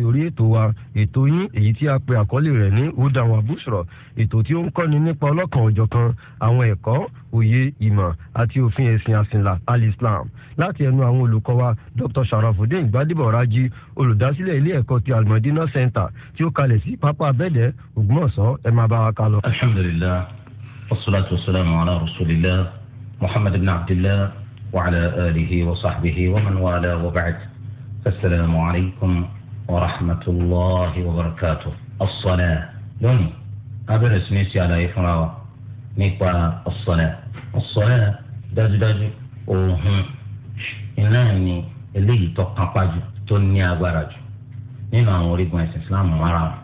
sí orí ètò wa ètò yín èyí tí a pè àkọlé rẹ̀ ní hudan wa bushra ètò tí ó ń kọ́ni nípa ọlọ́kan òjọ̀kan àwọn ẹ̀kọ́ òye ìmọ̀ àti òfin ẹ̀sìn àsìnlá alislam láti ẹnu àwọn olùkọ́ wa dr sharafudin gbadebo olùdásílẹ̀ ilé ẹ̀kọ́ ti almadina center tí ó kalẹ̀ sí pápá abẹ́dẹ̀ ògbómọ̀ṣọ́ ẹ máa bá wa kálọ. alhamdulilayi wasalaatu wasalaamu ala rasulillah muhammad ibn abdillah wa ala alihi wa sahbihi wa man wala wa ba'd. السلام عليكم ورحمة الله وبركاته الصلاة لوني أبر اسمي سيادة يفرع نقبع الصلاة الصلاة داج داج أوهن إنني اللي تقاقج تنيا غراج نينا أوري من الإسلام مرا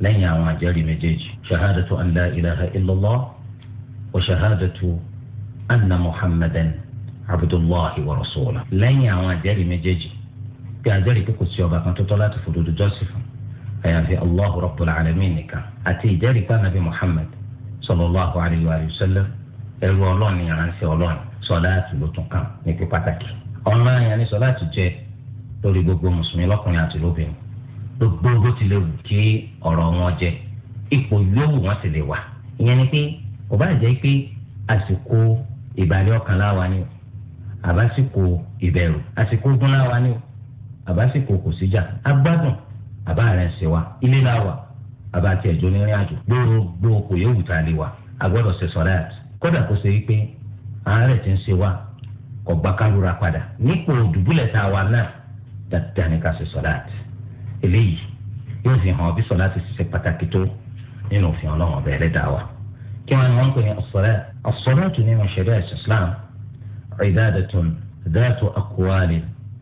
لن يعوى جالي مجيج شهادة أن لا إله إلا الله وشهادة أن محمدا عبد الله ورسوله لن يعوى جالي مجيجي bí àjẹrìí pé kò sí ọba kan tó tọ́ láti fòdodo jọ́sìn fún àyàfi allahu rabbul alamin nìkan àti ìjẹ́rìí pé anabi muhammad sallallahu alayhi wa sallam ẹrú ọlọ́ọ̀ni ìránṣẹ́ ọlọ́ọ̀ni sọláàtì ló tún kàn ní pé pàtàkì ọ̀nà àyàn ni sọláàtì jẹ́ lórí gbogbo mùsùlùmí lọ́kùnrin àti lóbìnrin gbogbo bó ti lè wù kí ọ̀rọ̀ wọn jẹ ipò yòówù wọn ti lè wà ìyẹn ni pé kò bá jẹ́ pé àsìkò ìbàlẹ̀ ọkàn láwa ni o àbásìkò ìbẹ̀rù àsìkò ogun láwa ni o àbásìkò kò síjà agbádùn àbá rẹ̀ ń ṣe wa ilé náà wà àbá tiẹ̀ jó ní ìrìnàjò gbogbo kò yẹ wù tá a lè wà agbọ́dọ̀ ṣe sọ̀láàtì kódà kó ṣe wípé àárẹ̀ ti ń ṣe wa kò gba kálura padà nípò dùbúlẹ̀ tá a wà náà dáadáa ní ká ṣe sọ̀láàtì eléyìí yóò fi hàn bí sọ̀láàtì ṣiṣẹ́ pàtàkì tó nínú òfin ọlọ́run ọ̀bẹ ẹlẹ́dàá wa kí wọ́n ní ń pè ní as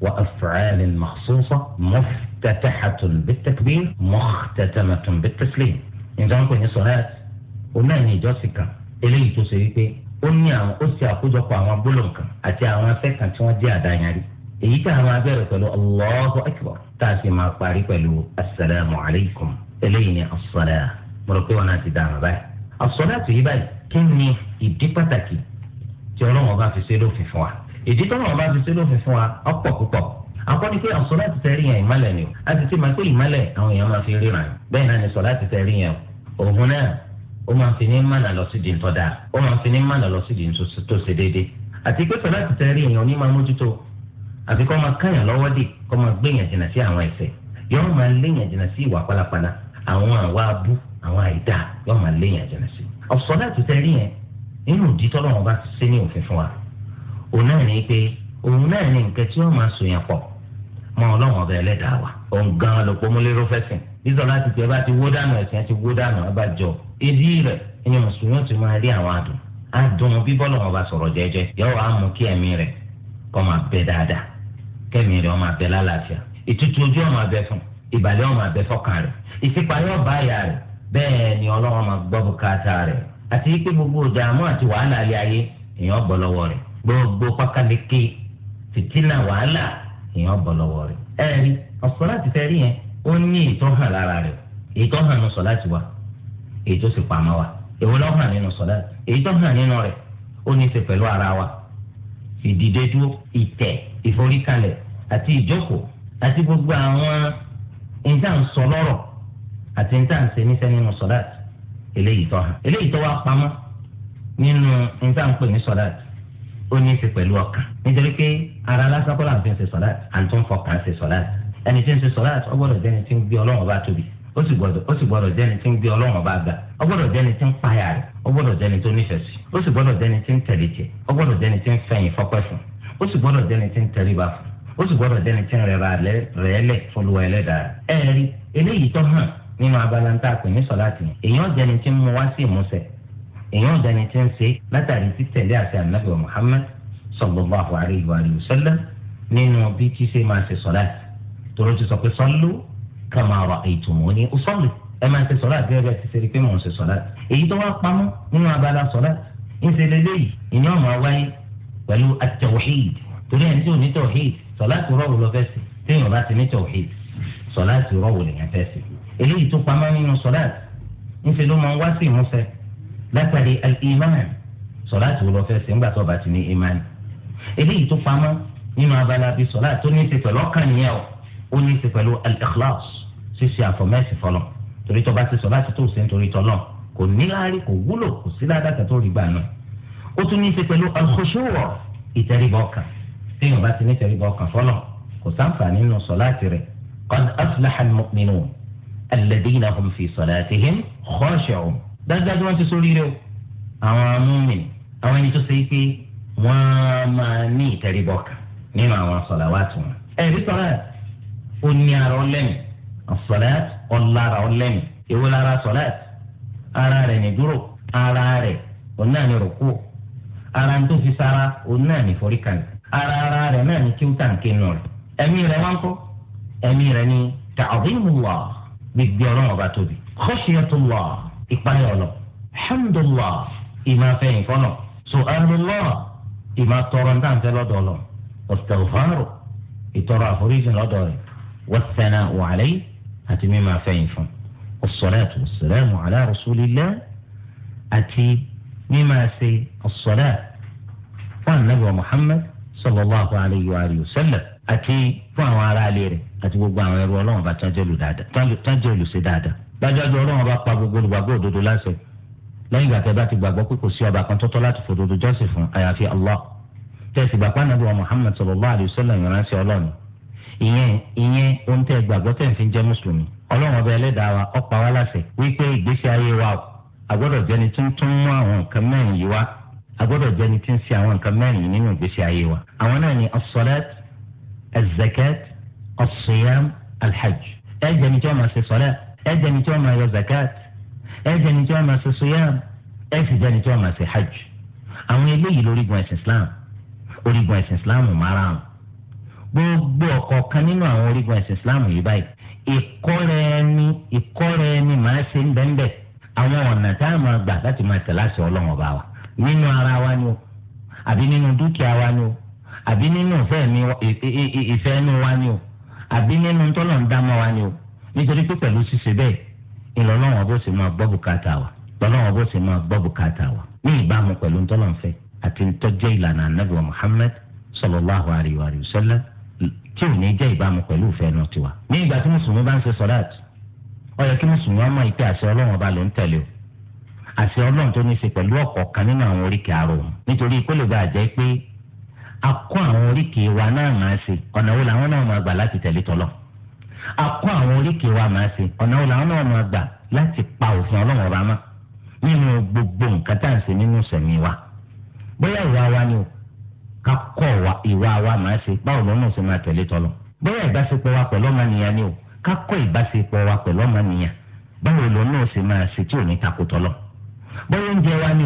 وأفعال مخصوصة مفتتحة بالتكبير مختتمة بالتسليم نظام كوني صلاة قلنا إن جوسكا إليه تسيبي ó ní àwọn ó ṣe àkójọpọ̀ àwọn gbólóhùn kan àti àwọn afẹ́ kan tí wọ́n jẹ́ àdáyanrí èyí tí àwọn abẹ́rẹ́ pẹ̀lú Allahu Akbar tá a sì máa parí pẹ̀lú asalaamu alaykum eléyìí ni asalaam mo rò pé wọn náà ti dáhùn báyìí asalaatu yìí báyìí kí ni ìdí pàtàkì tí ọlọ́run ọba fi ṣe lófin fún wa ìdí tó náà bá fi sí lófin fún wa ọ̀pọ̀ púpọ̀ akọni pé àwọn sọláàtì tẹ̀rí yẹn ìmálẹ̀ ni o a ti ti máa pé ìmálẹ̀ àwọn èèyàn máa fi ríran bẹ́ẹ̀ náà ni sọláàtì tẹ̀rí yẹn òun náà ó máa fi ní mánà lọ sí di ń tọ́da ó máa fi ní mánà lọ sí di tó ṣe déédé àti pé sọláàtì tẹ̀rí yẹn òní máa mójútó àfi kọ́ máa káyàn lọ́wọ́ dì kọ́ máa gbéyàn jìnnà sí àwọn ẹ̀ṣẹ̀ yọ́n máa léyàn jìnnà sí ìwà pálapàla àwọn àwa abú àwọn àìdáa yọ́n máa léyàn jìnnà sí. ọ̀sọ́láàtì tẹ̀rí yẹn nínú ìdí tọ́lọ́wọ́n bá òun náà ní pé òun náà ní nǹkan tí wọ́n máa sòyàn pọ̀ mọ́ ọlọ́run ọba ẹlẹ́dàá wa òun gan ló pọ́nmúlérò fẹ́sìn ìsọ̀rọ̀ láti tẹ̀ bá ti wó dànù ẹ̀sìn ti wó dànù abájọ ìdí rẹ̀ ẹni mùsùlùmí ti máa rí àwọn àdùn àdùn bí bọ́lọ̀ wọn bá sọ̀rọ̀ jẹ́jẹ́ yọ wàá mú kí ẹ̀mí rẹ̀ kọ́ máa bẹ dáadáa kẹ́mi rẹ̀ ọ máa bẹ lálàáfíà ìtútù ojú ọ máa bẹ fún ìbàlẹ̀ ọ máa bẹ fọ́kàn rẹ̀ ìfipáyọ̀ bá yà rẹ̀ ni ọlọ́run máa gbọ́ bùkátà rẹ̀ àti pé gbogbo ìdààmú àti wàhálà ilé ayé èèyàn bọ́ lọ́wọ́ rẹ̀ gbogbo pákáleke fìtínà wàhálà èèyàn bọ̀ lọ́wọ́ rẹ̀ ẹ rí ọ̀sán láti fẹ́ rí yẹn ó ní ètò hàn lára rẹ̀ ètò hàn nù sọ̀láàtì wa ètò sì pamọ́ wa èwo ló hàn nínú sọ̀láàtì ètò hàn nínú rẹ̀ ó ní í ṣe pẹ̀lú ara wa ìdìde dúró ìtẹ̀ ìforíkalẹ̀ àti ìjókòó àti gbogbo àwọn ìdáǹsọ lọ́rọ̀ àti ìdáǹsẹ níṣẹ́ nínú sọ̀láàtì eléyìí tó hàn eléyìí tó wá pamọ́ nínú ìdáǹpẹ̀ ní sọ̀láàtì ó ní í ṣe pẹ̀lú ọkàn nítorí pé ara lásán kọ́lá àti ṣe sọ̀láàtì àti tó ń fọkàn ṣe sọ̀láàtì ẹni tí ń ṣe sọ̀láàtì ó gbọ́dọ̀ jẹ́ni tí ń gbé ọlọ́run bá tóbi ó sì gbọ́dọ̀ jẹ́ni tí ń gbé ọlọ́run bá gbà ó gbọ́dọ̀ jẹ́ni tí ń payà rẹ̀ ó gbọ́dọ̀ jẹ́ni tó nífẹ̀ẹ́ sí ó sì gbọ́dọ̀ jẹ́ni tí ń tẹ̀lé jẹ ó gbọ́dọ̀ jẹ́ni tí ń fẹ̀yìn fọ́pẹ́ fún ó sì gbọ́dọ̀ jẹ́ni tí ń tẹríba fún ó sì gbọ́dọ̀ jẹ́ni tí ń rẹra rẹ̀ẹ́lẹ̀ fọlùwà ẹlẹ́dàá ẹ̀rí eléyìí tó hàn nínú abala ń tà pé ní sọ̀láàtì èèyàn ọ̀dàni tí ń ṣe látàrí títẹ̀lé àti ànábì wa Muhammad sallallahu alayhi wa sallam nínú bí tí ṣe máa ṣe sọ̀láàtì tòró ti sọ pé sọ́lú kama ra'aytumuni usalli ẹ máa ṣe sọ̀láàtì bẹ́ẹ̀ bẹ́ẹ̀ ti ṣe rí pé mò ń ṣe sọ̀láàtì èyí tó wá pamọ́ nínú abala sọ̀láàtì ń ṣe lélẹ́yìí ìyẹn ọ̀mọ̀ wáyé pẹ̀lú at-tawhid torí ẹni tí ò látàrí al-iman sọláàtì wo lọ fẹ́ ṣe ńgbà tó bá ti ní iman eléyìí tó pamọ́ nínú abala bíi sọláàtì tó ní í ṣe pẹ̀lú ọkàn yẹn o ó ní í ṣe pẹ̀lú al-ikhlas ṣíṣe àfọmẹ́sì fọlọ́ torí tó bá ṣe sọláàtì tó ṣe nítorí tọ́lọ́ kò níláárí kò wúlò kò sí ládàkà tó rí gbà náà ó tún ní ṣe pẹ̀lú al ìtẹríba ọkàn téèyàn bá ti ní ìtẹríba ọkàn fọlọ́ kò sáǹfààní nínú dájúdájú wọn ti sórí rẹ o àwọn amúmi àwọn ẹni tó ṣe pé wọn máa ní ìtẹríbọ kan nínú àwọn sọláwàtì wọn. ẹ̀rí sọláàtì ó ní ara ọlẹ́mì sọláàtì ọ̀lára ọlẹ́mì èwo lára sọláàtì ara rẹ̀ ní dúró ara rẹ̀ òun náà ní rúkú ara ń tó fi sára òun náà ní foríkàn ara ara rẹ̀ náà ní kíútà nkínú rẹ̀ ẹ̀mí rẹ̀ wọ́n kọ́ ẹ̀mí rẹ̀ ní ta'zimullah gbígbé ọlọ́run ọba tóbi khashiyatullah ìpayà ọ̀nà alhamdulilah ìmọ̀ afẹ́yìn kọ́nà so alhamdulilah ìmọ̀ tọrọ ń dáǹtẹ́ lọ́dọ̀ lọ ọ̀sẹ̀lfàrò ìtọrọ àforíjì lọ́dọ̀ rẹ̀ wọ́sẹ̀nà wàlẹ́ àti mímọ̀ afẹ́yìn fún ọ̀sọ̀lẹ́tù ọ̀sẹ̀lẹ́mù alá rasulillah àti mímọ̀ ẹ̀sẹ̀ ọ̀sọ̀lẹ́ fún anabi muhammad sallallahu alayhi wa sallam àti fún àwọn aráalé rẹ̀ àti gbogbo àwọn ẹrú ọlọ́run bá tán jẹ́ olùṣe dáadáa dájọ́jọ́ ọlọ́run ọba pa gbogbo olùgbàgbọ́ òdodo láṣẹ lẹ́yìn ìgbà tẹ́ bá ti gbàgbọ́ pé kò sí ọba kan tọ́tọ́ láti fòdodo jọ́sìn fún àyàfi Allah tẹ̀sí gbàgbọ́ ànábì wa Muhammad sallallahu alayhi wa sallam ìránṣẹ́ ọlọ́run ìyẹn ìyẹn ohun tẹ́ gbàgbọ́ tẹ̀ ń fi jẹ́ mùsùlùmí ọlọ́run ọba ẹlẹ́dàá wa ó pa wá láṣẹ wípé ìgbésí ayé wa àgbọ́dọ̀ jẹni tí ń tún mú àwọn nǹkan mẹ́rin yìí wá àgbọ́dọ̀ jẹni tí ń ṣe àwọn nǹkan mẹ́rin yìí nínú ìgbésí ayé wa àwọn náà ni as-salat az-zakat ẹ jẹni tí wọ́n máa ṣe sọlẹ́t ẹjẹni tí wọn máa yọ zakat ẹjẹni tí wọn máa ṣe suyam ẹsìjẹni tí wọn máa ṣe hajj àwọn eléyìí lórígun ẹsìn islam orígun ẹsìn islam márùn gbogbo ọ̀kọ̀ọ̀kan nínú àwọn orígun ẹsìn islam yìí báyìí ìkọ́ra ẹni ìkọ́ra ẹni máa ṣe ń bẹ́ńbẹ́ àwọn ọ̀nà tá a máa gbà láti máa tẹ̀ láti ọlọ́run ọba wa nínú ara wa ni o àbí nínú dúkìá wa ni o àbí nínú ìfẹ́ ẹnu wa ni o àbí nínú tọ́lọ̀ ń dámọ́ wa ni o nítorí pé pẹ̀lú ṣíṣe bẹ́ẹ̀ ìlọ́lọ́wọ́n bó ṣe máa gbọ́ bùkátà wa lọ́lọ́wọ́n bó ṣe máa gbọ́ bùkátà wa ní ìbámu pẹ̀lú ntọ́lọ́nfẹ́ àti ntọ́jẹ́ ìlànà anabi wa Muhammad sallallahu alayhi wa sallam tí ò ní jẹ́ ìbámu pẹ̀lú ìfẹ́ náà tiwa. ní ìgbà tí mùsùlùmí bá ń ṣe sọ́láàt ó yẹ kí mùsùlùmí ọmọ ìpè àṣẹ ọlọ́run ọba ló ń tẹ̀lé o àṣẹ ọlọ́run tó ní í ṣe pẹ̀lú ọ̀kọ̀ọ̀kan nínú àwọn oríkèé ara òun nítorí kó lè pé a kó àwọn oríkèé wa náà máa ṣe ọ̀nà wo làwọn náà máa gbà láti tẹ̀lé tọ́lọ́run akọ àwọn oríkèé wa máa ṣe ọ̀nà náà máa gbà láti pa òfin ọlọ́run ọba nínú gbogbo nǹkan tá à ń nínú sẹ̀mí wa bóyá ìwà wa ni o ká kọ́ ìwà wa máa ṣe báwo lọ́nà ṣe máa tẹ̀lé bóyá ìbáṣepọ̀ wa pẹ̀lú ọmọnìyàn ni o ká kọ́ ìbáṣepọ̀ wa pẹ̀lú ọmọnìyàn báwo lọ́nà máa ṣe wa ni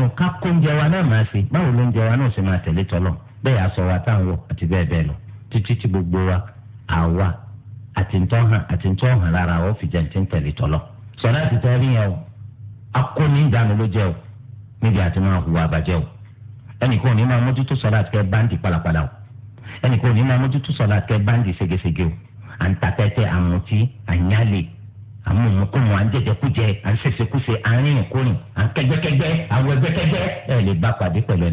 o ká àtìntọ́ hàn àtìntọ́ hàn lára ó fi jẹ́ ní tẹ̀lé tọ́lọ́ sọlá ti tẹ́ rí yẹn o akóni ìdáná ló jẹ́ o níbi àti máa hùwà àbàjẹ́ o ẹnì kan ò ní máa mójútó sọlá àti kẹ́ báńdì pàlàpàlà o ẹnì kan ò ní máa mójútó sọlá àti kẹ́ báńdì ségesège o à ń tatẹ́tẹ́ àmùtí àyálè àmúhùnkùnmù à ń jẹjẹkújẹ à ń ṣèṣekúṣe à ń rìnrìn kúrìn à ń kẹgbẹkẹgbẹ àwọn ẹgbẹkẹgbẹ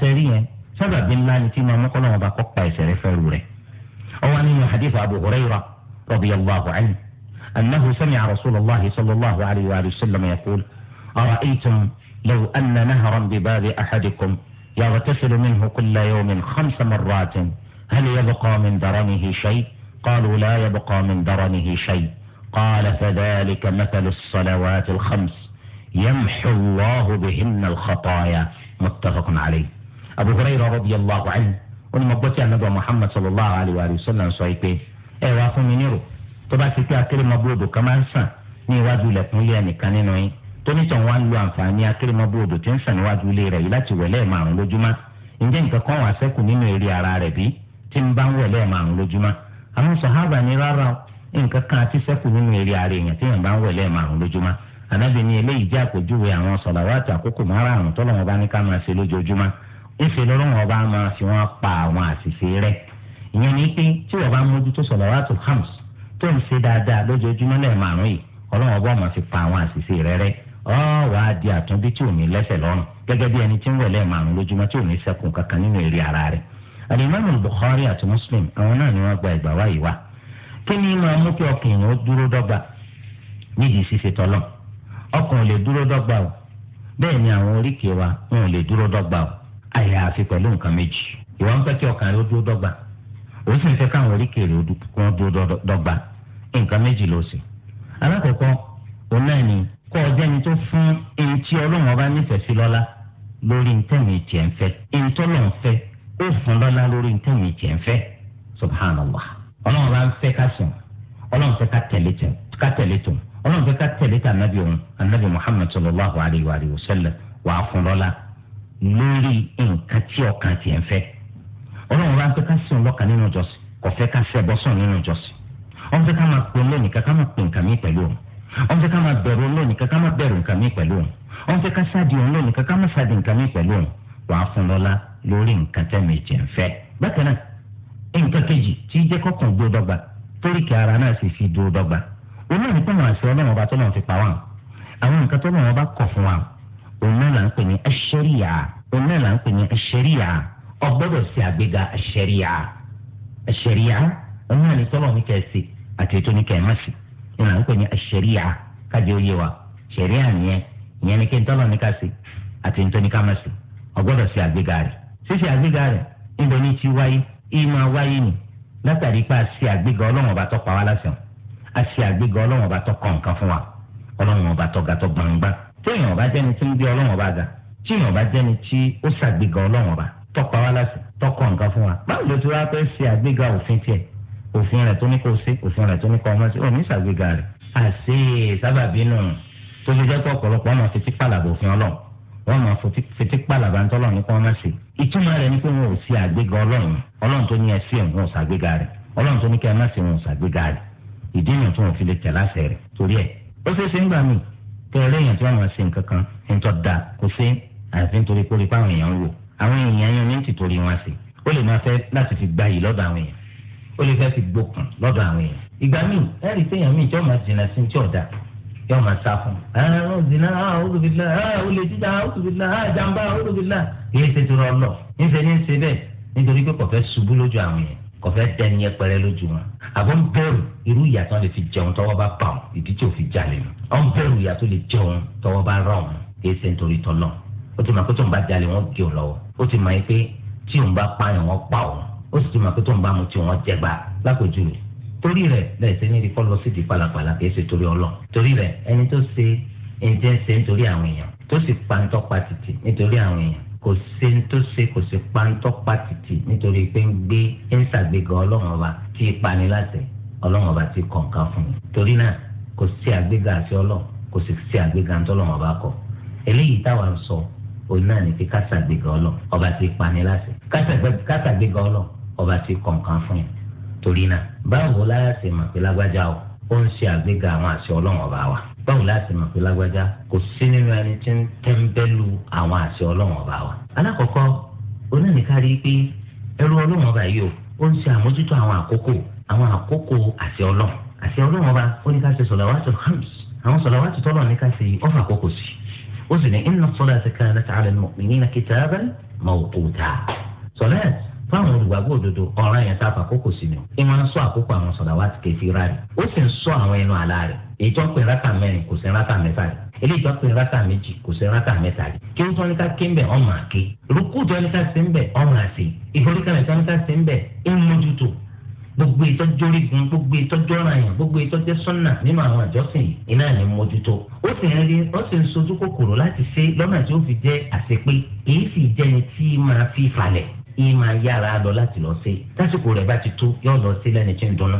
ẹ ni tí máa mọ́kànlá wọn pa ẹ̀ṣẹ̀ أو منه حديث أبو هريرة رضي الله عنه أنه سمع رسول الله صلى الله عليه وآله وسلم يقول أرأيتم لو أن نهرا بباب أحدكم يغتسل منه كل يوم خمس مرات هل يبقى من درنه شيء قالوا لا يبقى من درنه شيء قال فذلك مثل الصلوات الخمس يمحو الله بهن الخطايا متفق عليه أبو هريرة رضي الله عنه ó ní mo gbọ́ tí anábà muhammad sallallahu alayhi wa sallam sọ pé ẹ wá fún mi nírò tó bá ti pé akérèmọ́bòdò kan máa ń sàn ní iwájú ilẹ̀kùn ilé ẹnìkan nínú yín tónítàn wá ń lo àǹfààní akérèmọ́bòdò tí ń sàn níwájú ilé rẹ̀ yìí láti wẹ̀lẹ́ márùn lójúmọ́ ǹjẹ́ nǹkan kan wà sẹ́kù nínú eré ara rẹ̀ bí tí ń bá ń wẹ̀lẹ́ márùn lójúmọ́ àwọn sàhábà ní rárá nǹkan kan àti sẹ́kù nínú eré ara èèyàn tí yẹn bá ń wẹ̀lẹ́ márùn lójúmọ́ anábìíní eléyìí jẹ́ àpèjúwe àwọn sọ̀làwátì àkókò márùn-ún tọ́lọ́mọba ní ká máa ṣe lójoojúmọ́ ìfẹ́ lọ́lọ́run ọba máa fi wọ́n pa àwọn àṣìṣe rẹ̀ ìyẹn ni pé tí wọ́n bá mójútó sọ̀làwátù hams tó ń ṣe dáadáa lójoojúmọ́ lẹ́ẹ̀márùn yìí ọlọ́run ọba máa fi pa àwọn àṣìṣe rẹ̀ rẹ̀ ọ wàá di àtúnbí tí ò ní lẹ́sẹ̀ lọ́rùn gẹ́gẹ́ bí ẹni tí ń wẹ̀ lẹ́ẹ̀márùn lójúmọ́ tí ò ní sẹ́kùn kankan nínú èrè ara rẹ̀ alimami Bukhari àti Muslim àwọn náà ni wọ́n gba ìgbà wá yìí wá kí ni máa mú kí ọkùnrin ó dúró dọ́gba nídìí ṣíṣe tọ́lọ̀ ọkùnrin ò lè dúró dọ́gba o bẹ́ẹ̀ ni àwọn oríkèé wa wọn ò lè dúró dọ́gba o àyàfi pẹ̀lú nǹkan méjì ìwọ ń fẹ́ kí ọkàn rẹ ó dúró dọ́gba ó sì ń fẹ́ káwọn oríkèé rẹ ó dúró dọ́gba nǹkan méjì ló sì. alákọ̀ọ́kọ́ òun náà ni kọ́ ọjọ́ ẹni tó fún ẹni tí ọlọ́run ọba nífẹ̀ẹ́ sí lọ́lá lórí ntẹ̀mí tiẹ̀ ń fẹ́ ẹni tó lọ́n fẹ́ ó fún lọ́lá lórí ntẹ̀mí tiẹ̀ ń fẹ́ subhanallah ọlọ́run ọba ń fẹ́ ká sùn ọlọ́run fẹ́ ká tẹ̀lé tẹ̀ ká tẹ̀lé tó ọlọ́run fẹ́ ká tẹ̀lé tẹ̀ anabi òun muhammad sallallahu alayhi wa sallam wàá fún lọ́lá lórí nǹkan tí ọkàn tiẹ̀ ń fẹ́ ọlọ́run bá ń pẹ́ ká sí ọlọ́kan nínú ìjọsìn kò fẹ́ ká ṣẹbọ sàn nínú ìjọsìn ọ̀n fẹ́ ká máa pè lónìí ká ká máa pè nǹkan mí pẹ̀lú òun ọ̀n fẹ́ ká máa bẹ̀rù lónìí ká ká máa bẹ̀rù nǹkan mí pẹ̀lú òun ọ̀n fẹ́ ká sáàdì òun lónìí ká ká máa sáàdì nǹkan mí pẹ̀lú òun wàá fún lọ́lá lórí nǹkan tẹ̀mí ìjẹ́ ń fẹ́ bákan òun náà là ń pè ní ẹ̀ṣẹ́ríyà òun náà là ń pè ní ẹ̀ṣẹ́ríyà ọgbọ́dọ̀ sí àgbéga ẹ̀ṣẹ́ríyà ẹ̀ṣẹ́ríyà òun náà ní sọ́lọ̀ ní kẹ́sì àti ètò ní kẹ́mẹ́sì òun là ń pè ní ẹ̀ṣẹ́ríyà kájí ó yé wa ṣẹ̀ríyà nìyẹn ìyẹn ní kí n tọ́lọ̀ ní kásì àti ètò ní kámẹ́sì ọgbọ́dọ̀ sí àgbéga rẹ̀ ṣíṣe àgbéga rẹ̀ níbo ní ti wáyé ìmọ̀ wáyé ni látàrí pé a ṣe àgbéga ọlọ́run ọba tó pa wá láṣẹ a ṣe àgbéga ọlọ́run ọba tó kọ̀ nǹkan fún wa ọlọ́run ọba tó ga tó gbangba téèyàn bá jẹ́ni tí ń gbé ọlọ́run ọba ga tíyàn bá jẹ́ni tí ó ṣàgbéga ọlọ́run ọba tọpa wa lásì tọkọ nǹkan fún wa báwo ló ti wá pẹ́ ṣe àgbéga òfin tiẹ̀ òfin rẹ̀ tó ní kó ṣe òfin rẹ̀ tó ní kó ọmọ ṣe òní ṣàgbéga rẹ̀ àṣe sábàbínú tó fi jẹ́ pé ọ̀pọ̀lọpọ̀ ọmọ fetí pàlàbọ̀ òfin ọlọ́run wọn máa fetí pàlàbà ńtọ́lọ́ ní kó ni fi lè tẹ̀ kí ẹlẹ́yìn tí wọ́n máa ṣe nǹkan kan nítọ́ da kò sí àyàfi nítorí pé orípa àwọn èèyàn ń wò àwọn èèyàn yẹn ní tìtorí wọn sí ó lè máa fẹ́ láti fi gba yìí lọ́dọ̀ àwọn èèyàn ó lè fẹ́ fi gbókun lọ́dọ̀ àwọn èèyàn ìgbà míì ẹ̀rí téèyàn míì tí wọ́n máa jìnnà sí tí ọ̀dà yóò máa sá fún un zina ọ̀dùbìlà olè jíjà ọ̀dùbìlà jàmbá ọ̀dùbìlà kì í ṣe ti rọ lọ níṣẹ́ ní ṣe kọfẹ dẹni ẹpẹrẹ lójú wọn àbọ ń bẹ̀rù irú ìyà tó lè fi jẹun tọ́wọ́ bá pa wọn ìdí tí ò fi jalè mu ọ ń bẹ̀rù ìyà tó lè jẹun tọ́wọ́ bá rà wọn kì í ṣe nítorí tọlọ ó ti mọ̀ pé tó ń bá jalè wọn gé òun lọ́wọ́ ó ti mọ̀ pé tí òun bá pààyàn wọn pa òun ó sì ti mọ̀ pé tó ń bá mu tí wọn jẹgba lápèjúwe torí rẹ̀ lẹsẹ ní ìdíkọ lọ sí di pàlàpàlà kì í ṣe torí ọlọ torí rẹ̀ ẹni tó ṣe ẹni tẹ́ ṣe nítorí àwọn èèyàn tó sì pa ń tọ́pa títì nítorí àwọn èèyàn kò se ń tó se kò sí pàǹtọ́ pàtìtì nítorí pé ń gbé ń ṣàgbéga ọlọ́run ọba tí ì pani láṣẹ ọlọ́run ọba ti kọ̀ǹkà fún mi torí náà kò sí àgbéga àti ọlọ́run kò sì sí àgbéga àti ọlọ́run ọba kọ eléyìí táwa ń sọ òun náà ní pé ká ṣàgbéga ọlọ́run ọba ti pani láṣẹ ká ṣàgbéga ọlọ́run ọba ti kọ̀ǹkà fún yẹn torí náà báwo láyà ṣe mọ̀ pé lágbájá o ó ń ṣe àgbéga àwọn àṣẹ ọlọ́run ọba wa báwo láti mọ̀ pé lágbájá kò sí nínú ẹni tí ń tẹ́ńbẹ́lú àwọn àṣẹ ọlọ́wọ́n ọba wa. alákọ̀ọ́kọ́ oníníkárí pé ẹrú ọlọ́wọ́n ọba yìí ó ń ṣe àmójútó àwọn àkókò àwọn àkókò àṣẹ ọlọ́wọ́n àṣẹ ọlọ́wọ́n ọba ó ní ká ṣe sọ̀làwátì hams àwọn sọ̀làwátì tọ́lọ̀ ní ká ṣe ọ̀fà àkókò sí ó sì ní inna salata èyí tó ń pè rákà mẹ́rin kò sí rákà mẹ́fà rí eléyìí tó ń pè rákà méjì kò sí rákà mẹ́ta rí kí ó tó ní ká ké ń bẹ̀ ọmọ àké rúkú tó ní ká sí ń bẹ̀ ọmọ àsè ìforíkalẹ̀ tó ní ká sí ń bẹ̀ ìmójútó gbogbo ìtọ́jú orígun gbogbo ìtọ́jú ọ̀ranyàn gbogbo ìtọ́jú sọ́nà nínú àwọn àjọsìn iná ní mójútó ó sì ń rí ó sì ń sojú kòkòrò láti ṣe lọ́nà tí ó fi jẹ́ àṣepé èyí sì jẹ́ni tí máa fi falẹ̀ èyí máa yára lọ láti lọ ṣe lásìkò rẹ̀ bá ti tó yóò lọ sí lẹ́ni tí ń dunnú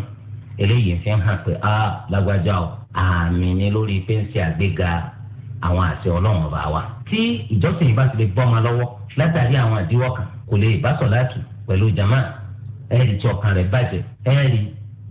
eléyìí fi hàn pé a ah, lágbájá o àmì ni lórí pé ń ṣe àgbéga àwọn àṣẹ ọlọ́run ọba wa. tí ìjọsìn ìbá ti lè bọ́ ọmọ lọ́wọ́ látàrí àwọn àdíwọ́ kan kò lè bá sọ̀láàtù pẹ̀lú jama ẹ̀rì tí ọkàn rẹ̀ bàjẹ́ ẹ̀rì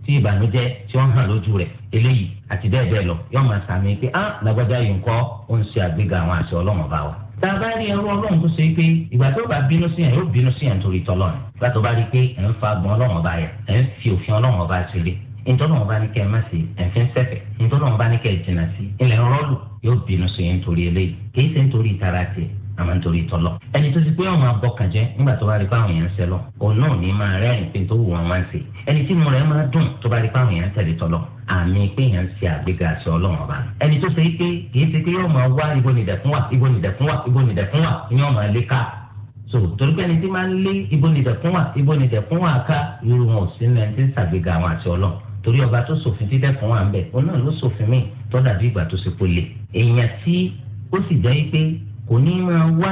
tí ìbànújẹ́ tí wọ́n hàn lójú rẹ̀ eléyìí àti bẹ́ẹ̀ bẹ́ẹ̀ lọ yóò máa sàmì pé á ah, lágbájá yìí ń kọ́ ó ń ṣe àgbéga àwọn àṣẹ ọlọ́run ọba wa tá a bá rí ẹrú ọlọ́run tó ṣe pé ìgbà tó bá bínú sí ẹ̀ yóò bínú sí ẹ̀ nítorí tọ́lọ́run gbàtọ́ bá rí pé ẹ̀ ń fa gbọ́n ọlọ́run ọba yẹn ẹ̀ ń fi òfin ọlọ́run ọba ṣeré nítorí wọn bá ní kẹ́ ẹ má ṣe ẹ̀fín sẹ́fẹ̀ nítorí wọn bá ní kẹ́ ẹ jìnnà sí ilẹ̀ rọ́ọ̀lù yóò bínú sí i nítorí eléyìí kì í ṣe nítorí ìtara tiẹ̀ àmọ́ nítorí tọ́lọ̀. ẹni tó ti pé ọmọ abọ́kàn jẹ́ nígbà tó bá rí báwọn èèyàn ṣe lọ òun náà ní máa rẹ́rìn pé tó wù wọn wá ń ṣe tí mo rẹ̀ máa dùn tó bá rí báwọn èèyàn tẹ̀lé tọ́lọ̀ àmì pé èèyàn ṣe àgbéga aṣọ ọlọ́run ọba ẹni tó ṣe pé kì í pé yóò wá so torí pé ẹni tí máa ń lé ibo nìdẹ̀kún wà ibo nìdẹ̀kún wà ká irú wọn ò ń ṣàgbéga àwọn aṣọ ọlọ́run torí ọba tó ṣòfin dídẹ́kun wà ń bẹ̀ òun náà ló ṣòfin míì tó dàbí ìgbà tó ṣe polè èèyàn tí ó sì jẹ́ pé kò ní máa wá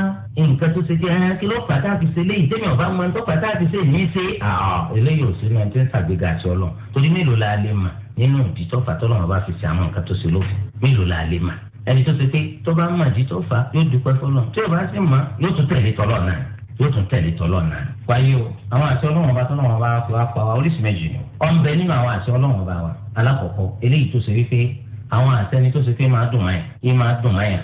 nǹkan tó ṣe jẹ́ ẹ́ kí ló pàtà àti ṣe léyìí tẹ́mi ọba máa ń tọ́ pàtà àti ṣe ní ṣe eléyìí ò sí náà tí ń ṣàgbéga àti ọlọ́ torí mélòó la lè mà nínú ìdítọ́fà tọ́lọ́mọ bá fi ṣe àwọn nǹkan tó ṣe lófin mélòó la lè mà ẹni tó ṣe pé tó bá mà ìdítọ́fà yóò dúpẹ́ fọlọ́ tí ò sì mà yóò tún tẹ̀lé tọ́lọ́ náà yóò tún tẹ̀lé tọ́lọ̀ náà. wáyé o àwọn àti ọlọ́wọ́n ọba tọ́lọ́wọ́n ọba fi wá pa wa oríṣi méjì ni. ọ̀nbẹ nínú àwọn àti ọlọ́wọ́n ọba wa alákọ̀ọ́kọ́ eléyìí tó ṣe wípé àwọn àtẹni tó ṣe pé máa dùn máyà yìí máa dùn máyà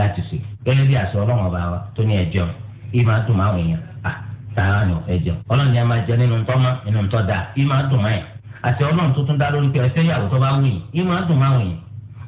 láti ṣe gẹ́gẹ́ bí àti ọlọ́wọ́n ọba wa tó ní ẹjọ́ yìí máa dùn máwọn èèyàn à tààrà ni ọ̀fẹ́ jẹun ọlọ́run ni a máa jẹ nínú ntọ́ mọ́ nínú ntọ́ dáa yìí máa dùn máyà àti ọlọ́run tó tún dá lórí pé ẹsẹ̀ yàwó tó bá wù yìí yìí máa dùn máwọn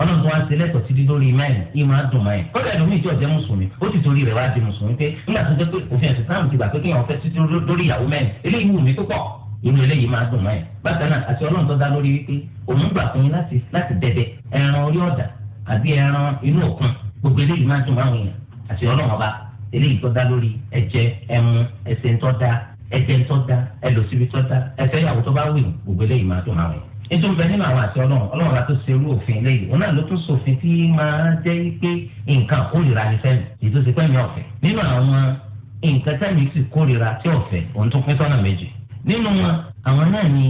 ọlọ́run tó wá sí lẹ́tọ̀ọ́ sí lórí imáìlì ìmọ̀ àdùn máa yẹn ó lẹ́nu mi ìjọ jẹ́ mùsùlùmí ó ti torí rẹ̀ wá di mùsùlùmí pé nígbà tó jẹ́ pé òfin ẹ̀sìn sáàmù ti gbà pé kí èèyàn fẹ́ sí lórí ìyàwó mẹ́rin eléyìí wù mí púpọ̀ inú eléyìí máa dùn máa yẹn bákan náà àti ọlọ́run tó dá lórí wípé òun gbà fún yín láti láti dẹdẹ ẹran orí ọ̀dà àbí ẹran inú òkun gbogbo eléyìí máa dùn máa yẹn àti ọlọ́run ọba eléyìí tó dá lórí ẹ̀jẹ̀ ẹmu ẹsẹ̀ ń tọ́ da ẹ̀jẹ̀ ń tọ́ da ẹlòsíbi tọ́ da ẹsẹ̀ ìyàwó tó bá wù gbogbo eléyìí máa dùn máa yẹn nítorí bẹ́ẹ̀ nínú àwọn àti ọlọ́run ọlọ́run bá tó ṣe irú òfin eléyìí òun náà ló tún ṣòfin tí máa jẹ́ pé nǹkan kórìíra ni fẹ́mi èyí tó ṣe pẹ́mi ọ̀fẹ́ nínú àwọn nǹkan tẹ́mi sì kórìíra tí ọ̀fẹ́ òun tún pín sọ́nà méjì nínú wọn àwọn náà ni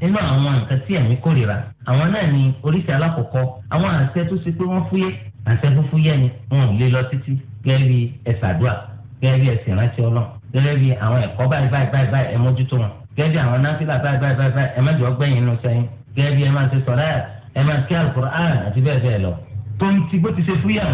nínú àwọn nǹkan tí ẹ̀mí kórìíra àwọn náà ni oríṣi alákọ̀ọ́kọ́ àwọn àṣẹ tó ṣe pé wọ́n fúyẹ́ àṣẹ fúnfún yẹ ni wọn ò lè lọ títí gẹ́gẹ́ bí ẹ̀sàdúà gẹ́gẹ́ bí ẹ̀sìn rántí ọlọ́run gẹ́gẹ́ bí àwọn ẹ̀kọ́ báyìí báyìí báyìí ẹ mójútó wọn gẹ́gẹ́ bí àwọn náfìlà báyìí báyìí báyìí ẹ má jọ gbẹ̀yìn inú sẹ́yìn gẹ́gẹ́ bí ẹ máa ṣe sọ̀rọ̀ ẹ máa ṣe alukur'an àti bẹ́ẹ̀ bẹ́ẹ̀ lọ tó ń ti bó ti ṣe fúyà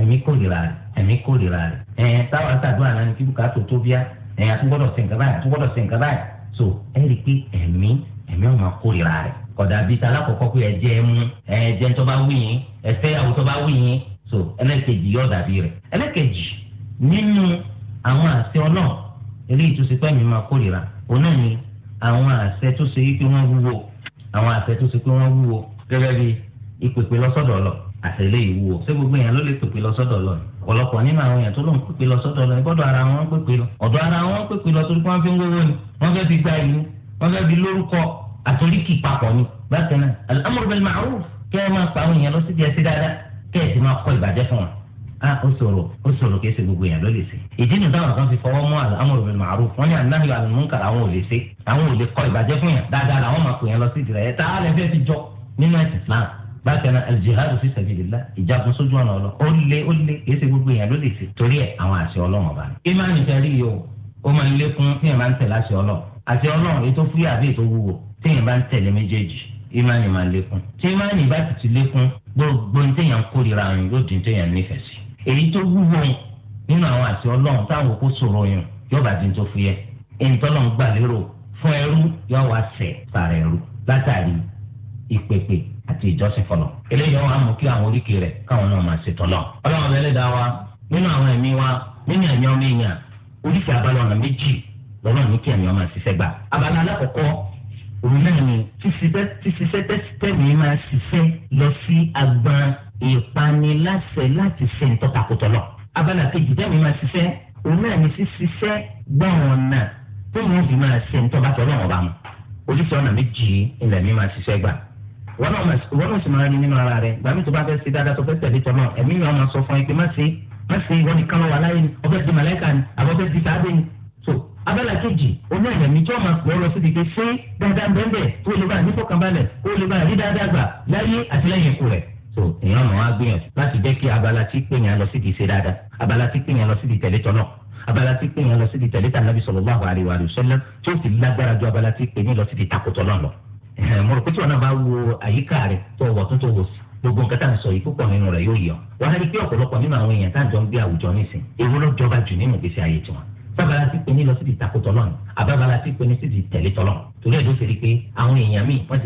ẹ̀mí kórìíra rẹ̀ ẹ̀mí kórìíra rẹ̀ ẹ̀ táwọn àtàdúrà náà ní kí bùkà tó tó bíá ẹ̀ àtúgbọ́dọ̀ ṣe nǹkan àtúgbọ́dọ̀ ṣe nǹkan báyìí so ẹ rí i pé ẹ̀mí ẹ̀mí ọ̀ma kórìíra rẹ̀ kódà bíi ta alákọ̀ọ́kọ́ pé ẹ̀jẹ̀ ẹ̀ mú ẹ̀jẹ̀ tó bá wí yín so ẹlẹ́kejì yóò dàbí rẹ̀ ẹlẹ́kejì nínú àwọn àṣẹ ọlọ́ọ̀ eléyìí tó ṣe pé ẹ̀mí máa kórìíra òun náà ni àwọn àṣẹ tó ṣe wípé wọ́n wúwo àwọn àṣẹ tó ṣe pé wọ́n wúwo gẹ́gẹ́ bí ìpèpè lọ́sọ̀dọ̀ lọ àṣẹ lè wúwo ṣé gbogbo èèyàn ló lè pèpè lọ́sọ̀dọ̀ lọ ọ̀pọ̀lọpọ̀ nínú àwọn èèyàn tó ló ń pèpè lọ́sọ̀dọ̀ lọ ìbọ̀dọ̀ ara wọn pèpè lọ ọ̀dọ̀ ara wọn pèpè lọ sórí wọn fi ń wówó ni wọ́n fẹ́ fi gba ìlú wọ́n fẹ́ fi lórúkọ àtòríkì papọ̀ ni bákan náà al-amru bil ma'ruf ẹ máa pa àwọn èèyàn lọ síbi ẹsẹ̀ dáadáa kẹ́ ẹ sì máa kọ ìbàjẹ́ fún wọn. Ah, ó sọ̀rọ̀ ó sọ̀rọ̀ kí ẹ ṣe gbogbo yẹn ló lè ṣe. ìdí nìkan àwọn kan fi fọwọ́ mú àmọ̀ rẹ̀ màrú wọn ní àná ìlànà múnkà àwọn ò lè ṣe àwọn ò lè kọ ìbàjẹ́ fún yàn dáadáa làwọn máa pè yẹn lọ sí ìdìrẹ́ yẹn tá a lè fẹ́ fi jọ nínú ẹ̀sìn Islam bákan náà aljihadu fi sabilillah ìjagun sójú ọ̀nà ọlọ ó lé ó lé kì í ṣe gbogbo yẹn ló lè ṣe torí ẹ àwọn àṣẹ Ọlọ́run ọba ni. imáàni tẹ̀lé yìí o ó máa ń lékún tí yẹn bá ń tẹ̀lé àṣẹ Ọlọ́run àṣẹ Ọlọ́run ètò fúyà àbí ètò wúwo tí yẹn bá ń tẹ̀lé méjèèjì imáàni máa lékún. tí imáàni bá ti ti lékún gbogbo ní tẹ̀yàn kórìíra àrùn yóò dín tẹ̀yàn nífẹ̀ẹ́ sí èyí tó wúwo yìí nínú àwọn àti ọlọ́run táwọn òkú sọ̀rọ̀ yẹn yóò bá dín tó fúyẹ́ èyí tó lọ́n gbà lérò fún ẹrú yóò wá sẹ̀ sàrẹ̀ ẹrú látàrí ìpèpè àti ìjọsìn fọlọ eléyìí wọn á mú kí àwọn oríkèé rẹ káwọn náà máa ṣètò lọ. ọlọ́run ọ̀bẹ́lẹ̀ dá wa nínú àwọn ẹ̀mí wa nínú ẹ̀mí ọmọ èèyàn oríkèé abala ọ̀nà méjì lọ́nà ní kí ẹ̀mí ọmọ àṣìṣe gbà. abala alákọ̀ọ́kọ́ òun náà ni tíṣiṣẹ́ tẹ́mi máa ṣiṣẹ́ lọ sí agbára ìpaniláṣẹ láti ṣe ntọ́takùtọ̀ lọ. abala kejì dẹ́mi máa ṣiṣẹ́ òun náà ní ṣiṣẹ́ gbọ̀ngàn náà tó yẹn fi máa ṣe ntọ́bàtọ̀ lọ́wọ́ bá mu. oríṣi ọ̀nà méjì ilẹ̀ mi máa ṣiṣẹ́ gbà. wọ́n náà sì máa rí nínú ara rẹ̀ gbàmí tó bá fẹ́ ṣe dáadáa tó fẹ́ tẹ̀lé tọ́ náà ẹ̀mí yẹn máa sọ fún ẹ pé má ṣe má ṣe ìwọ nìkan wà láyé ni ọbẹ̀ di màlẹ́kà ni àbọ̀bẹ̀ di sáábẹ̀ ni. so abala kejì oní ẹ̀mí tí wọ́n máa pọ̀ lọ sí ti pé ṣé dáadáa bẹ́ẹ̀ bẹ́ẹ̀ kó o lè bá a nífọ̀kànbalẹ̀ kó o lè bá a rí dáadáa gbà láyé àtìlẹ́yìn ikú rẹ̀ so èèyàn mọ̀ á gbìyànjú láti jẹ́ kí abala tí pèèyàn lọ sí di ṣe dáadáa abala tí pèèyàn lọ sí di tẹ̀lé tọ́nà abala tí pèèyàn lọ sí di tẹ̀lé tànàbí sallallahu alaihi wa sallam tí ó fi lágbára ju abala tí pèèyàn lọ sí di takòtọ́ náà lọ. mo rò pé tí wọn náà bá wo àyíká rẹ tó wọ̀ tó tó wò sí gbogbo nǹkan tá à ń sọ yìí púpọ̀ nínú rẹ̀ yóò yọ wọn á rí pé ọ̀pọ̀lọpọ̀ nínú àwọn èèyàn tá à ń jọ ń pinni lọ sí di takotọ lọ ni pinni sí di tẹ̀lé torí ẹ̀ ló pé àwọn èèyàn míì wọ́n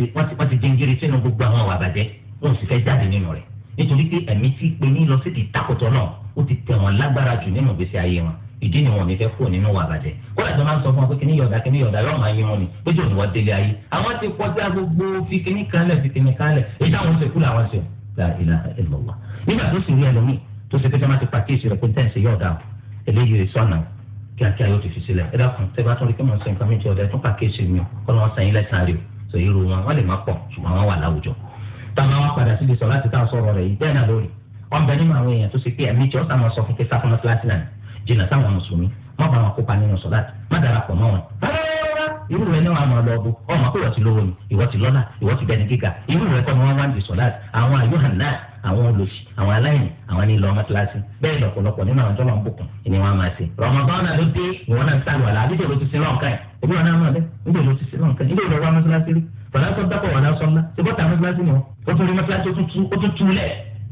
ti jẹ́ngiri sínú gbogbo àwọn àwàbàjẹ́ wọn sì fẹ́ jáde nínú rẹ̀ nítorí pé ẹ̀mí tí pe ní lọ sí ti takòtò náà ó ti tẹ̀ wọ́n lágbára jù nínú ìgbésí ayé wọn ìdí ni wọn ò ní fẹ́ kúrò nínú wà bàjẹ́ kódà tó máa ń sọ fún wọn pé kíní yọ̀dà kíní yọ̀dà yọ̀ máa yín wọn ni péjọ ni wọ́n délé ayé àwọn ti kọjá gbogbo fi kíní kalẹ̀ fi kíní kalẹ̀ èyí táwọn ṣe kú làwọn ṣe la ilaha illallah nígbà tó sì rí ẹlòmíì tó ṣe pé jẹ́ máa ti pàkíyèsí rẹ̀ pé tẹ̀sí yọ̀dà eléyìí rẹ̀ sọ̀nà kíákíá yóò ti fi sílẹ̀ ẹ dákun tẹ bá tún rí kí mo ṣe nǹkan méjì ọ̀dà ẹ tún pàkíyèsí mi kọ́ táwọn àwọn padà síbi sọ láti tá a sọ̀rọ̀ rẹ̀ yìí bẹ́ẹ̀ náà lórí wọn bẹ nínú àwọn èèyàn tó ṣe pé ẹ̀mí tí wọ́n sá máa sọ fún kẹsà fún mọ́tíláṣí náà jìnnà sáwọn mùsùlùmí má bá wọn kópa nínú sọ láti má darapọ̀ mọ́ wọn. irú rẹ ní wọn àmọ́ lọ bó ọmọ pé ìwọ ti lówó ni ìwọ ti lọ́lá ìwọ ti bẹni gíga irú rẹ kọ́ ni wọ́n wá ń di sọ láti àwọn àyọ̀hàn náà àwọn olùsí àwọn aláìní àwọn ní lọ mọ́tíláṣí bẹ́ẹ̀ lọ́pọ̀lọpọ̀ nínú àwọn tọ́lọ̀ ń bùkún ni wọ́n máa ṣe. rọmọdán náà ló dé ìwọ náà ń sálùwàlà àbíjọ́ ló ti sin lọ́nkàn yìí ìbí wọn náà máa bẹ́ẹ̀ ń bẹ̀rẹ̀ ló ti sin lọ́nkàn yìí ìbí wọn náà wá mọ́tíláṣí rí bàlá sọ dábọ̀ wà lásán ná ṣe bọ́tà mọ́sálásí ni ó tún rí mọ́sálásí ó tún tú lẹ̀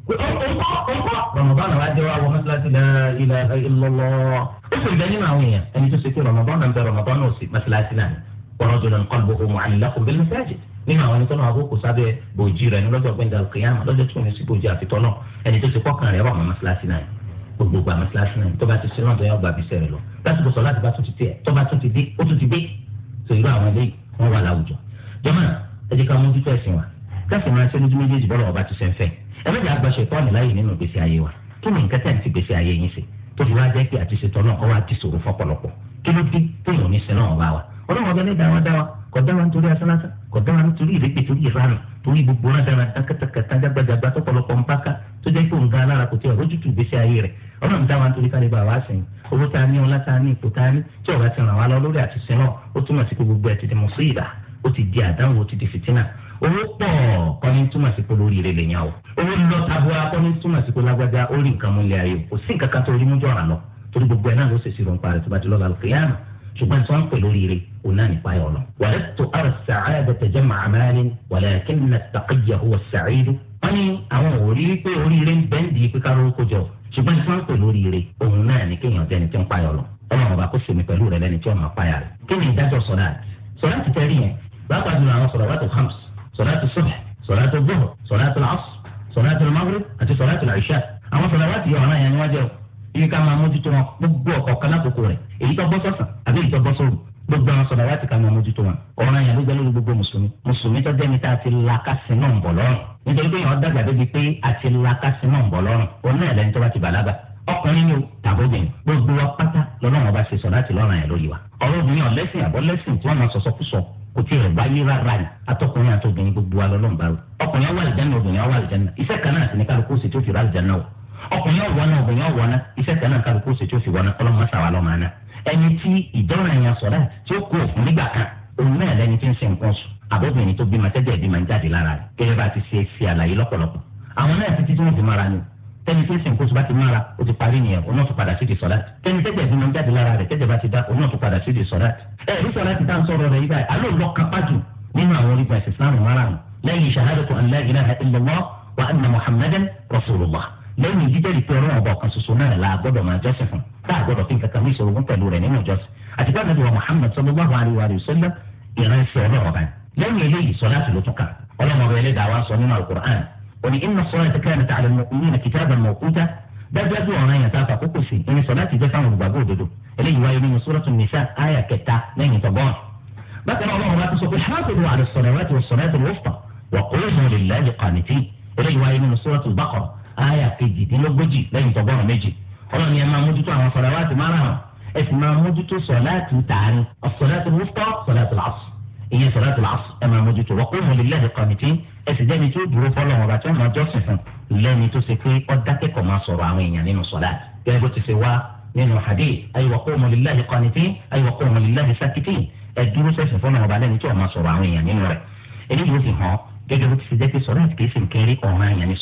ọkọ ọkọ rọmọbọ́n náà wá jẹ́ wá wọ mọ́sálásí náà ilẹ̀ ìlọ́lọ́ ó sì bẹ́ẹ̀ nínú àwọn èèyàn ẹni tó ṣe pé rọmọbọ́n náà ń bẹ rọmọbọ́n náà sí mọ́sálásí náà ورجلا قلبه معلق بالمساجد nínú àwọn ẹni tó náà àkókò sábẹ́ bòjì rẹ̀ ní lọ́jọ́ gbẹndà kìyàmà lọ́jọ́ tí wọn sì bòjì àfitọ náà ẹni tó ti kọkàn rẹ̀ wà mọ mọsálásí náà gbogbo gba náà tó bá ti sinú àtọyà ọgbà bisẹ rẹ lọ lásìkò sọ láti bá tún ti tẹ tó bá tún ti dé ó tún ti dé tó irú àwọn ilé wọn wà láwùjọ jọmọ ẹ jẹ́ ká mójútó ẹ̀sìn wa káfí máa ṣe lójú méjèèjì bọ́lá ọba tó ṣe ń fẹ́ ẹ bẹ́ẹ̀ àgbà ṣe pọ́ọ̀nì láàyè nínú ìgbésí ayé wa kí ni nǹkan tẹ̀ ń ti gbèsè ayé yín sí tó fi wá jẹ́ pé àti ṣètò náà ọwọ́ àti ṣòro fọ́pọ̀lọpọ̀ kí ló dé téèyàn ní sinú ọba wa ọlọ́run ọba ní dáwọ́ dáwọ́ kò dáwọ́ nítorí asánásá kò dáwọ́ nítorí ìrẹ́gbẹ̀ torí ìranù torí gbogbo náà dára dákàtàkàtà dágbàdàgbà tọpọlọpọ ń báka tó jẹ́ pé òǹga alára kò tí ì rójútù ìgbésí ayé rẹ̀ ọlọ́run dáwọ́ nítorí kálí bá wa sìn owó tá a ní ọlá tá a ní ipò tá a ní tí ọ̀gá ti ràn wá lọ lórí àti sinú ó túmọ̀ sí gbogbo ẹ̀ ti di mùsùlùmí ó ti di àdáwò ó ti di fìtínà owó pọ̀ kọ́ni túmọ̀ sí polówó rere lè yàn o owó lọ tabua kọ́ni túmọ̀ sí polówó agbada ó rí nǹkan mú ilé ayé kò sí nǹkan kan tó rí mú jọ̀ràn lọ torí gbogbo ẹ̀ náà ló ṣèṣirò ń parẹ́ tó bá ti lọ́la lókè yára ṣùgbọ́n tí wọ́n pè lórí rẹ̀ òun náà nípa ẹ̀ ọ̀nà. walastu ara sa'ada tajma'a malin walakinna at-taqiyya huwa as-sa'id. wọ́n ní àwọn òrí pé oríire ń bẹ́ǹdì pé ká lórúkọ jọ ṣùgbọ́n tí wọ́n pè lórí rẹ̀ òun náà ní kéèyàn jẹ́ni tí ń pa ẹ̀ ọlọ́run ọba kó sèmi pẹ̀lú rẹ̀ lẹ́ni tí wọ́n máa pa ẹ̀ kí ni ìdájọ́ sọ̀dá bákan jùlọ àwọn sọ̀làwátù khams sọ̀làtù subh sọ̀làtù dhuhr sọ̀làtù asr sọ̀làtù maghrib àti sọ̀làtù isha àwọn sọ̀làwátù yọ̀ ọ̀nà yẹn ni wọ́n jẹ́ o ibi ká máa mójútó wọn gbogbo ọ̀kọ̀ọ̀kan lákòókò rẹ̀ èyí tó bọ́ sọ̀sán àbí èyí tó bọ́ sóru gbogbo àwọn sọ̀làwátù ká máa mójútó wọn ọ̀ràn yẹn ló jẹ́ lórí gbogbo mùsùlùmí mùsùlùmí tó jẹ́ni tá a ti la kásì náà ń bọ̀ lọ́rùn nítorí pé èèyàn dàgbà débi pé a ti la kásì náà ń bọ̀ lọ́rùn òun náà lẹ́ni tó bá ti bàlágà ọkùnrin ni o tàbí obìnrin gbogbo wa pátá lọ́lọ́run ọba ṣe sọ̀láàtì lọ́ràn yẹn lórí wa ọ̀rọ̀ obìnrin ọ̀lẹ́sìn àbọ̀lẹ́sìn tí wọ́n máa sọ̀sọ́kùsọ òtí rẹ̀ wáyé rárá ni atọkùnrin àti obìnrin gbogbo wa lọ́lọ́run bá wò ọkùnrin ọwọ́ àlìjáná obìnrin ọwọ́ àlìjáná iṣẹ́ kan náà sì ni kálukú sì tó fi rà àlìjáná wò ọkùnrin ọwọ́ náà obìnrin ọwọ́ náà iṣẹ́ kan náà kálukú sì tó fi wọ́n náà ọlọ́mọ sàwà lọ́mọ náà ẹni tí ìdánwò ẹ̀yàn sọ̀rọ̀ tí ó kú òfin nígbà kan òun náà lẹni tí ń ṣe nǹkan sùn àbóbìnrin tó bímọ tẹ́jẹ̀ ìbímọ ń jáde lára rẹ̀ gẹ́gẹ́ bá ti ṣe ṣe àlàyé lọ́pọ̀lọpọ̀ àwọn náà ti títí wọn fi mọ́ra ni tẹni tí ń sìn kóso bá ti mára o ti parí nìyẹn o náà tún padà sí di sọlá tẹni tẹgbẹ bí wọn jáde lára rẹ tẹjẹ bá ti dá o náà tún padà sí di sọlá ẹ ẹ sọlá ti dáhùn sọ̀rọ̀ rẹ yíba alo lọ kápá jù nínú àwọn orígun ẹsẹ islam márùn lẹ́yìn shahadatu an la lẹ́yìn náà la gbọ́dọ̀ wa muhammad sallallahu alayhi lẹ́yìn eléyìí sọlá tó ọlọ́run ọba ẹlẹ́dàá wa sọ nínú òní inna salata kanat ala al-mu'minina kitaban mawquta dájúdájú ọ̀ràn yẹn tá a fà kókò sí ẹni sọlá ti jẹ́ fáwọn olùgbàgbọ́ òdodo eléyìí wáyé nínú suratul nisa àyà kẹta lẹ́yìn tọ́gbọ́n. bákan náà ọlọ́run bá ti sọ pé hafidu ala salawati wa salati al-wusta wa qumu lillahi qanitin eléyìí wáyé nínú suratul baqara àyà kejìdínlógójì lẹ́yìn tọ́gbọ́n méjì ọlọ́run yẹn máa mójútó àwọn salawati márùn-ún ẹ sì máa mójútó sọlá ti tààrin as-salatu al-wusta salatu al-asr ìyẹn sọ̀rọ̀tì làásù ẹ máa mójútó wọ́n kó mọ̀lẹ́ lẹ́yìn kọ́mìtì ẹ sì jẹ́ni tó dúró fọlọ́run ọba tí wọ́n máa jọ́sìn fún lẹ́ni tó ṣe pé ó dákẹ́kọ̀ọ́ máa sọ̀rọ̀ àwọn èèyàn nínú sọ̀dá gẹ́gẹ́ bó ti ṣe wá nínú hadith ayé wọ́n kó mọ̀lẹ́ lẹ́yìn kọ́mìtì ayé wọ́n kó mọ̀lẹ́ lẹ́yìn sákìtì ẹ dúró sẹ́sìn fọlọ́run ọba lẹ́ni tó máa sọ̀rọ̀ àwọn èèyàn nínú rẹ̀ eléyìí ó fi hàn gẹ́gẹ́ bó ti ṣe jẹ́ pé sọ̀rọ̀ àti kìí ṣe nǹkan rí ọ̀ràn èèyàn ní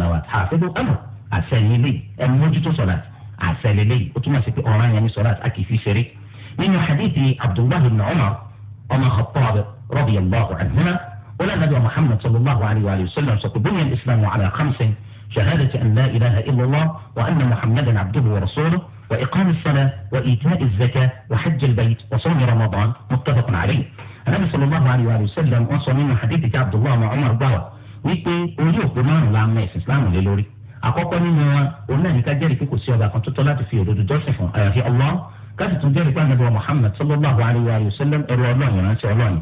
sọ̀dá àṣẹlélẹ́yìí ẹ̀ mójútó sọ̀lá àṣẹlélẹ́yìí ó túmọ̀ sẹ pé ọ̀ràn yẹn ní sọ̀lá a kì í fi ṣeré nínú hadithi abdullahi ibn umar ọmọ khattab radiyallahu anhuma olóòdàbí muhammad sallallahu alayhi wa sallam sọ pé bóyá islam wà ala khamsin شهادة أن لا إله إلا الله وأن محمدا عبده ورسوله وإقام الصلاة وإيتاء الزكاة وحج البيت وصوم رمضان متفق عليه النبي صلى الله عليه وآله وسلم وصل من حديث عبد الله وعمر بوا ويكي وليو قمان العام إسلام للوري àkọ́kọ́ nínú wa òun náà ní ká jẹ́rìí pé kò sí ọba kan tó tọ́ láti fi òdodo jọ́sìn fún àyàfi Allah káàsì tún jẹ́rìí pé ànábì Muhammad sallallahu alayhi wa sallam ẹ̀rọ ọlọ́run ránṣẹ́ ọlọ́run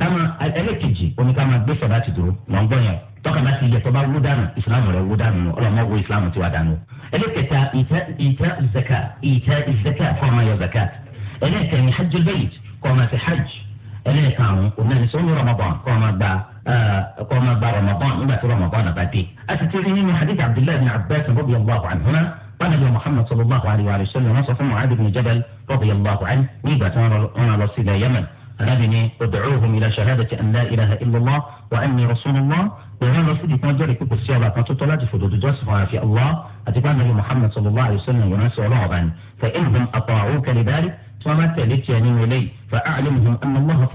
kama ẹlẹ́kejì omi ká máa gbé sọ̀dá ti dúró lọ́ngbọ́n yẹn tọ́ka láti yẹ tọ́ba wó dànù ìsìlámù rẹ̀ wó dànù ọlọ́mọ wo ìsìlámù tiwa dànù. ẹlẹ́kẹta ìtẹ́ ìtẹ́ zaka ìtẹ́ ẹlẹ́ẹ̀kan àwọn onáni sọ́yìn rọmọbọ́n kọ́ ọmọ gba kọ́ ọmọ gba rọmọbọ́n nígbà tí rọmọbọ́n bá dé. a ti tẹ́lẹ̀ nínú hadith abdullahi bin abbas radiyallahu anhuma bánàbí muhammad sallallahu alayhi wa sallam wọn sọ fún mu'adh bin jabal radiyallahu anhu nígbà tí wọn lọ sílẹ̀ yemen alábìnrin odòcóhùn ila shahadati an la ilaha illallah wa anni rasulullah òun lọ sí ìdìkan jẹ́rìí pé kò sí ọba kan tó tọ́ láti fòdòdó jọ́sìn fún àfi Allah àti bá nàbí Muhammad sallallahu alayhi wa sallam yìí ránṣẹ́ ọlọ́run ọba ni fa innahum ata'u kalibari tí wọ́n bá tẹ̀lé tiẹ̀ nínú eléyìí fa a'limhum anna Allah wọn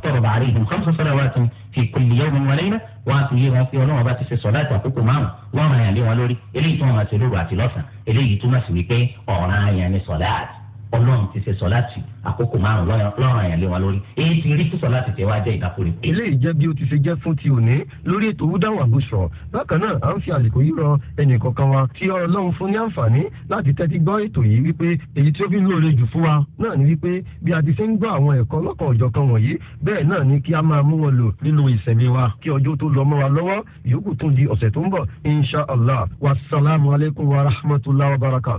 fi ọlọ́run ọba ti ṣe sọ láti àkókò márùn lọ́rùn àyàn lé wọn lórí eléyìí tí àti lọ́sàn eléyìí túmọ̀ ọlọ́run ti ṣe sọ́láàtì àkókò márùn lọ́rùn àyànlé wa lórí èyí ti rí kí sọ́láàtì tẹ wá jẹ́ ìdákùrẹ́. eléyìí jẹ́ bí o ti ṣe jẹ́ fún ti òní lórí ètò wúdáwà bó sọ bákan náà à ń fi àsìkò yìí rọ ẹnìkọ̀ọ̀kan wa tí ọlọ́run fún ní àǹfààní láti tẹ́tí gbọ́ ètò yìí wípé èyí tí ó fi ń lóore jù fún wa náà ni wípé bí a ti ṣe ń gbọ́ àwọn ẹ̀kọ́ lọ́kọ̀ a máa mú wọn lò nínú ìsẹ̀mí wa kí ọjọ́ tó lọ mọ́ wa lọ́wọ́ ìyókù tún di ọ̀sẹ̀ tó ń bọ̀